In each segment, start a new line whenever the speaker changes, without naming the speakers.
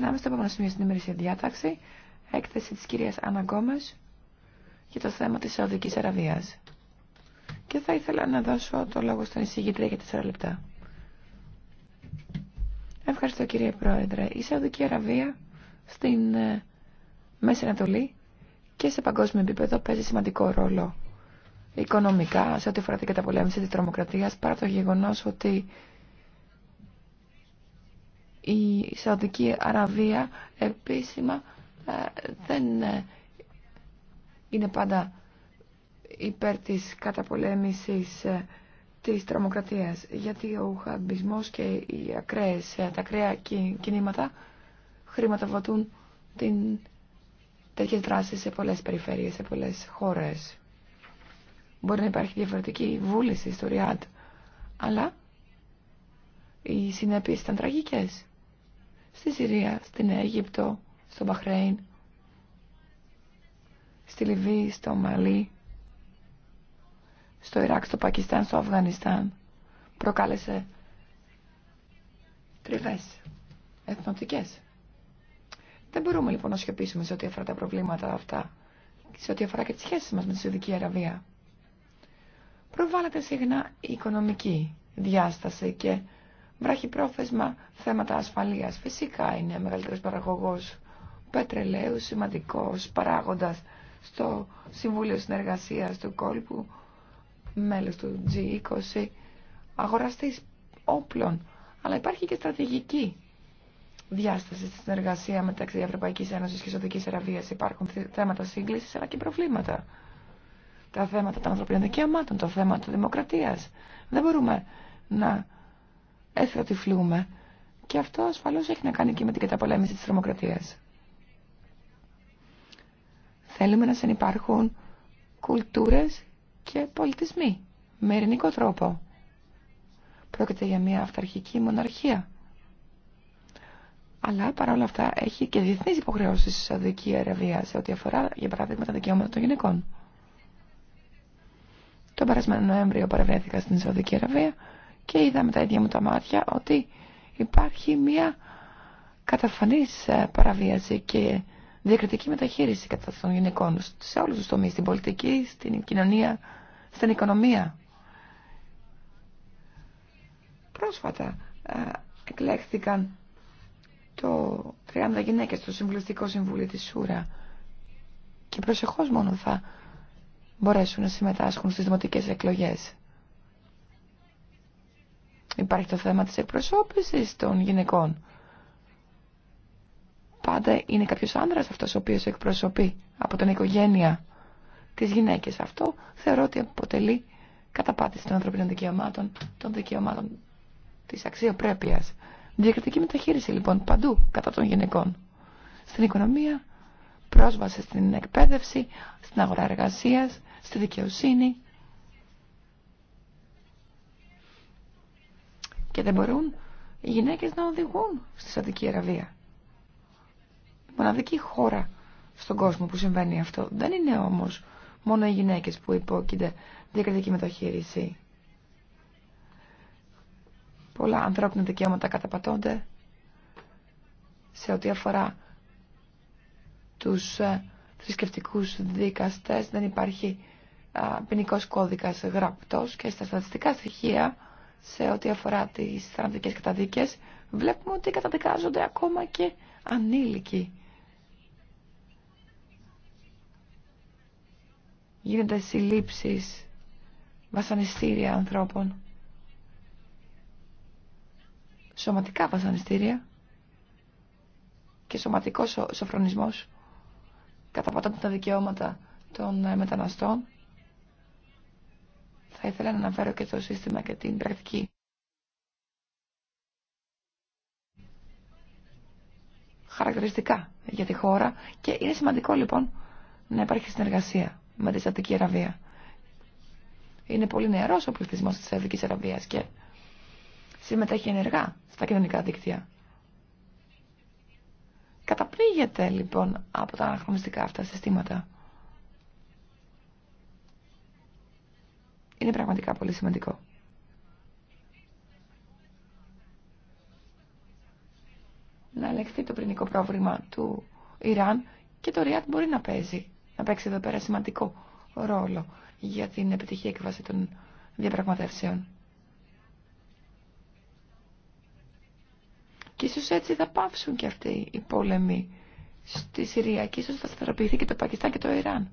Περνάμε στο επόμενο σημείο στην ημερήσια διάταξη. Έκθεση τη κυρίας Άννα Γκόμες για το θέμα της Σαουδική Αραβίας. Και θα ήθελα να δώσω το λόγο στον εισηγητρία για 4 λεπτά. Ευχαριστώ κύριε Πρόεδρε. Η Σαουδική Αραβία στην ε, Μέση Ανατολή και σε παγκόσμιο επίπεδο παίζει σημαντικό ρόλο οικονομικά σε ό,τι αφορά την καταπολέμηση τη τρομοκρατία, παρά το γεγονό ότι η Σαουδική Αραβία επίσημα ε, δεν ε, είναι πάντα υπέρ της καταπολέμησης ε, της τρομοκρατίας, γιατί ο χαμπισμός και οι ακραίες, τα ακραία κινήματα χρηματοδοτούν την τέτοιες δράσεις σε πολλές περιφέρειες, σε πολλές χώρες. Μπορεί να υπάρχει διαφορετική βούληση στο ΡΙΑΤ, αλλά οι συνέπειες ήταν τραγικές στη Συρία, στην Αίγυπτο, στο Μπαχρέιν, στη Λιβύη, στο Μαλί, στο Ιράκ, στο Πακιστάν, στο Αφγανιστάν. Προκάλεσε τριβές εθνοτικές. Δεν μπορούμε λοιπόν να σιωπήσουμε σε ό,τι αφορά τα προβλήματα αυτά σε ό,τι αφορά και τις σχέσεις μας με τη Σουδική Αραβία. Προβάλλεται συχνά η οικονομική διάσταση και Βραχυπρόθεσμα θέματα ασφαλείας. Φυσικά είναι μεγαλύτερος παραγωγός πετρελαίου, σημαντικός παράγοντας στο Συμβούλιο Συνεργασίας του Κόλπου, μέλος του G20, αγοραστής όπλων. Αλλά υπάρχει και στρατηγική διάσταση στη συνεργασία μεταξύ Ευρωπαϊκής Ένωσης και Σοδικής Αραβίας. Υπάρχουν θέματα σύγκλησης αλλά και προβλήματα. Τα θέματα των ανθρωπίνων δικαιωμάτων, το θέμα της δημοκρατίας. Δεν μπορούμε να φλούμε. Και αυτό ασφαλώς έχει να κάνει και με την καταπολέμηση της θερμοκρατίας. Θέλουμε να συνεπάρχουν κουλτούρες και πολιτισμοί με ειρηνικό τρόπο. Πρόκειται για μια αυταρχική μοναρχία. Αλλά όλα αυτά έχει και διεθνείς υποχρεώσεις στη Σαουδική Αραβία σε ό,τι αφορά, για παράδειγμα, τα δικαιώματα των γυναικών. Το περασμένο Νοέμβριο παρευρέθηκα στην Σαουδική Αραβία και είδα με τα ίδια μου τα μάτια ότι υπάρχει μια καταφανής ε, παραβίαση και διακριτική μεταχείριση κατά των γυναικών σε όλους τους τομείς, στην πολιτική, στην κοινωνία, στην οικονομία. Πρόσφατα ε, εκλέχθηκαν το 30 γυναίκες στο Συμβουλευτικό Συμβούλιο της Σούρα και προσεχώς μόνο θα μπορέσουν να συμμετάσχουν στις δημοτικές εκλογές. Υπάρχει το θέμα της εκπροσώπησης των γυναικών. Πάντα είναι κάποιος άνδρας αυτός ο οποίος εκπροσωπεί από την οικογένεια τις γυναίκες. Αυτό θεωρώ ότι αποτελεί καταπάτηση των ανθρωπίνων δικαιωμάτων, των δικαιωμάτων της αξιοπρέπειας. Διακριτική μεταχείριση λοιπόν παντού κατά των γυναικών. Στην οικονομία, πρόσβαση στην εκπαίδευση, στην αγορά εργασίας, στη δικαιοσύνη. και δεν μπορούν οι γυναίκες να οδηγούν στη Σαουδική Αραβία. Η μοναδική χώρα στον κόσμο που συμβαίνει αυτό δεν είναι όμως μόνο οι γυναίκες που υπόκεινται διακριτική μεταχείριση. Πολλά ανθρώπινα δικαιώματα καταπατώνται σε ό,τι αφορά τους ε, θρησκευτικού δίκαστες, δεν υπάρχει ποινικό κώδικας γραπτός και στα στατιστικά στοιχεία σε ό,τι αφορά τις θανατικές καταδίκες, βλέπουμε ότι καταδικάζονται ακόμα και ανήλικοι. Γίνονται συλλήψεις, βασανιστήρια ανθρώπων, σωματικά βασανιστήρια και σωματικός σοφρονισμός καταπατώνται τα δικαιώματα των μεταναστών θα ήθελα να αναφέρω και το σύστημα και την πρακτική. Χαρακτηριστικά για τη χώρα και είναι σημαντικό λοιπόν να υπάρχει συνεργασία με τη Σαουδική Αραβία. Είναι πολύ νεαρός ο πληθυσμός τη Σαουδικής Αραβία και συμμετέχει ενεργά στα κοινωνικά δίκτυα. Καταπνίγεται λοιπόν από τα αναχρονιστικά αυτά συστήματα. είναι πραγματικά πολύ σημαντικό. Να ελεγχθεί το πρινικό πρόβλημα του Ιράν και το Ριάτ μπορεί να παίζει, να παίξει εδώ πέρα σημαντικό ρόλο για την επιτυχή έκβαση των διαπραγματεύσεων. Και ίσως έτσι θα πάυσουν και αυτοί οι πόλεμοι στη Συρία και ίσως θα σταθεροποιηθεί και το Πακιστάν και το Ιράν.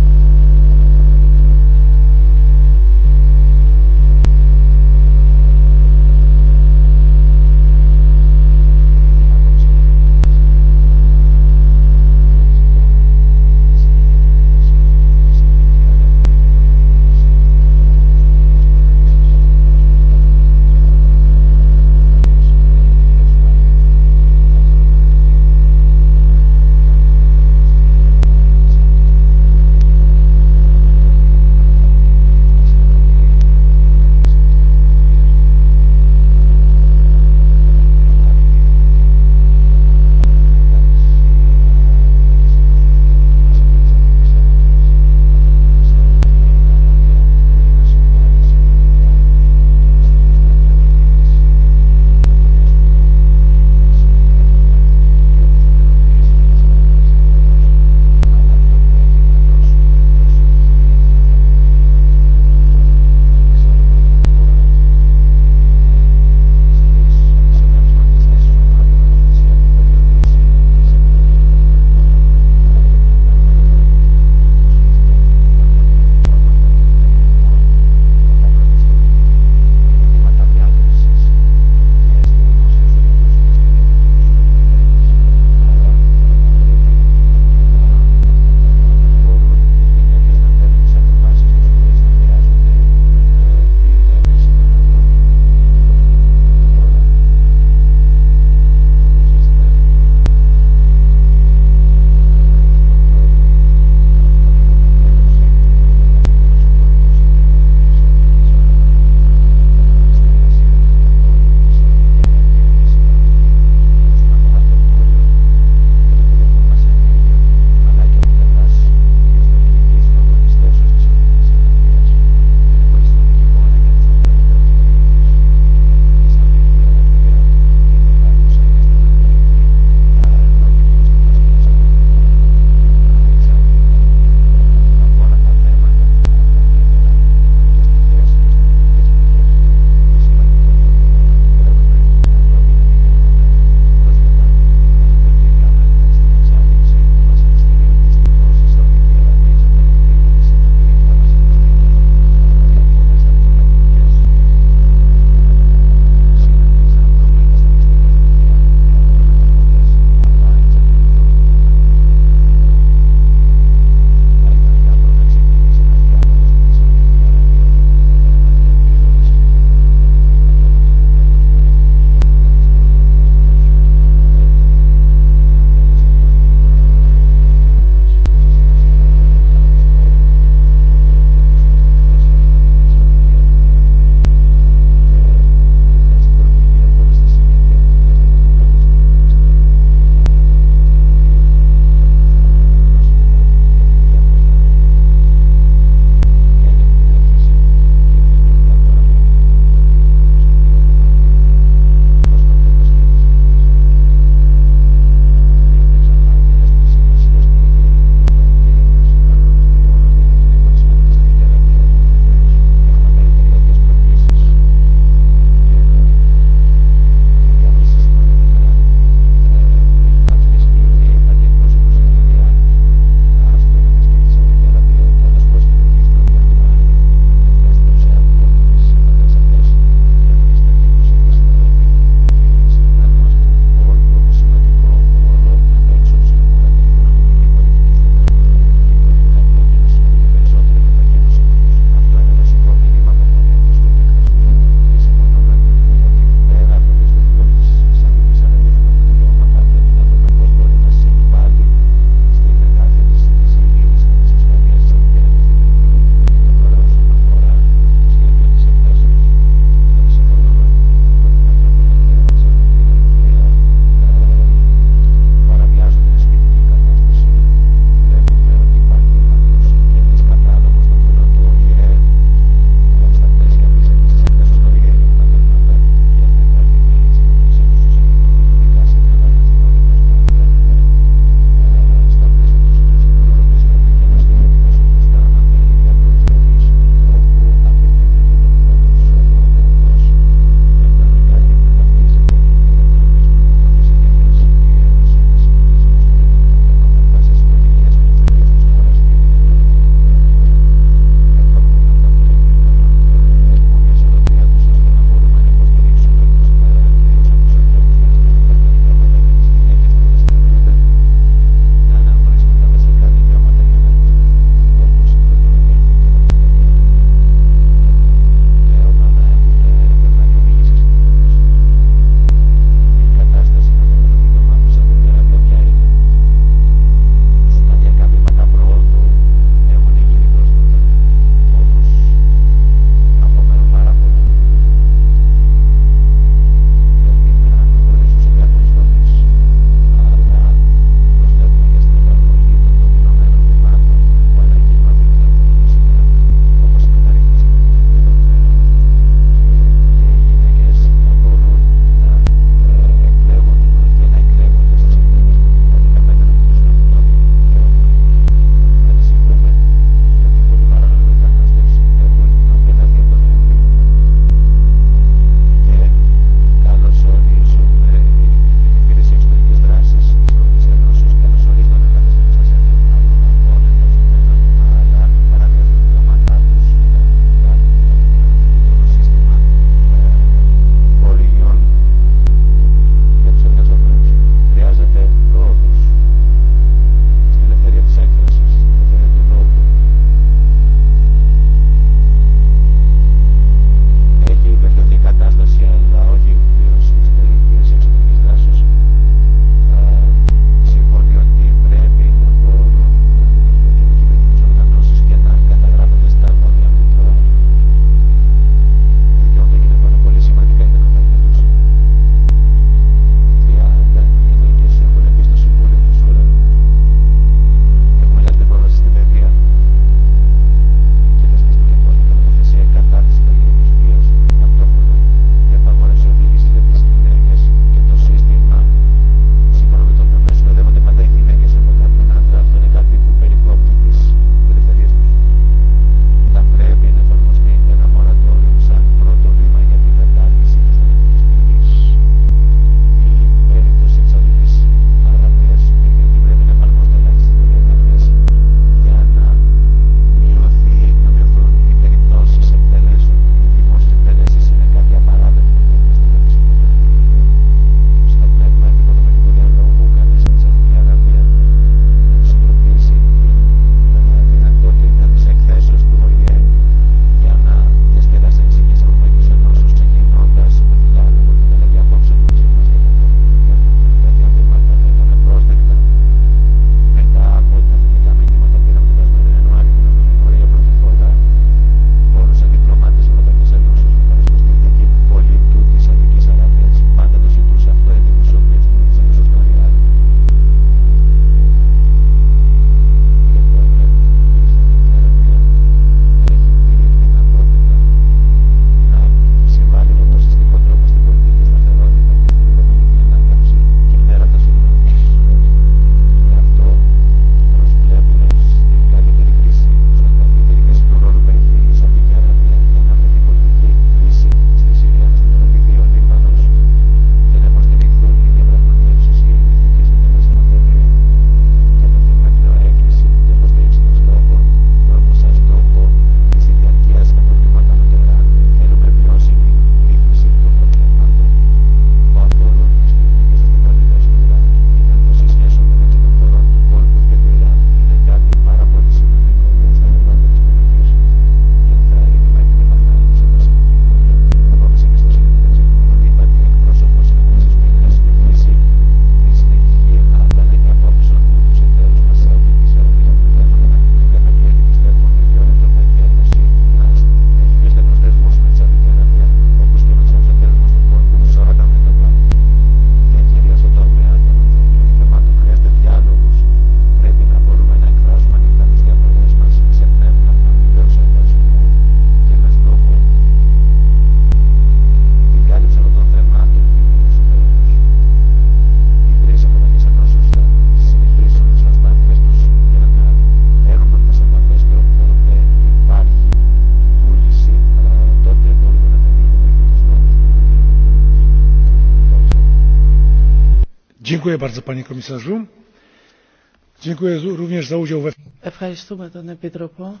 Ευχαριστούμε τον Επίτροπο.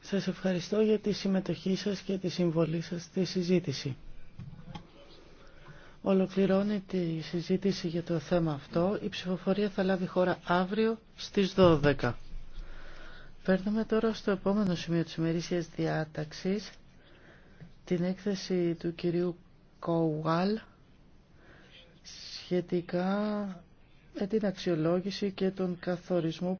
Σας ευχαριστώ για τη συμμετοχή σας και τη συμβολή σας στη συζήτηση. Ολοκληρώνει τη συζήτηση για το θέμα αυτό. Η ψηφοφορία θα λάβει χώρα αύριο στις 12. Παίρνουμε τώρα στο επόμενο σημείο της ημερήσιας διάταξης την έκθεση του κυρίου Κόουαλ σχετικά με την αξιολόγηση και τον καθορισμό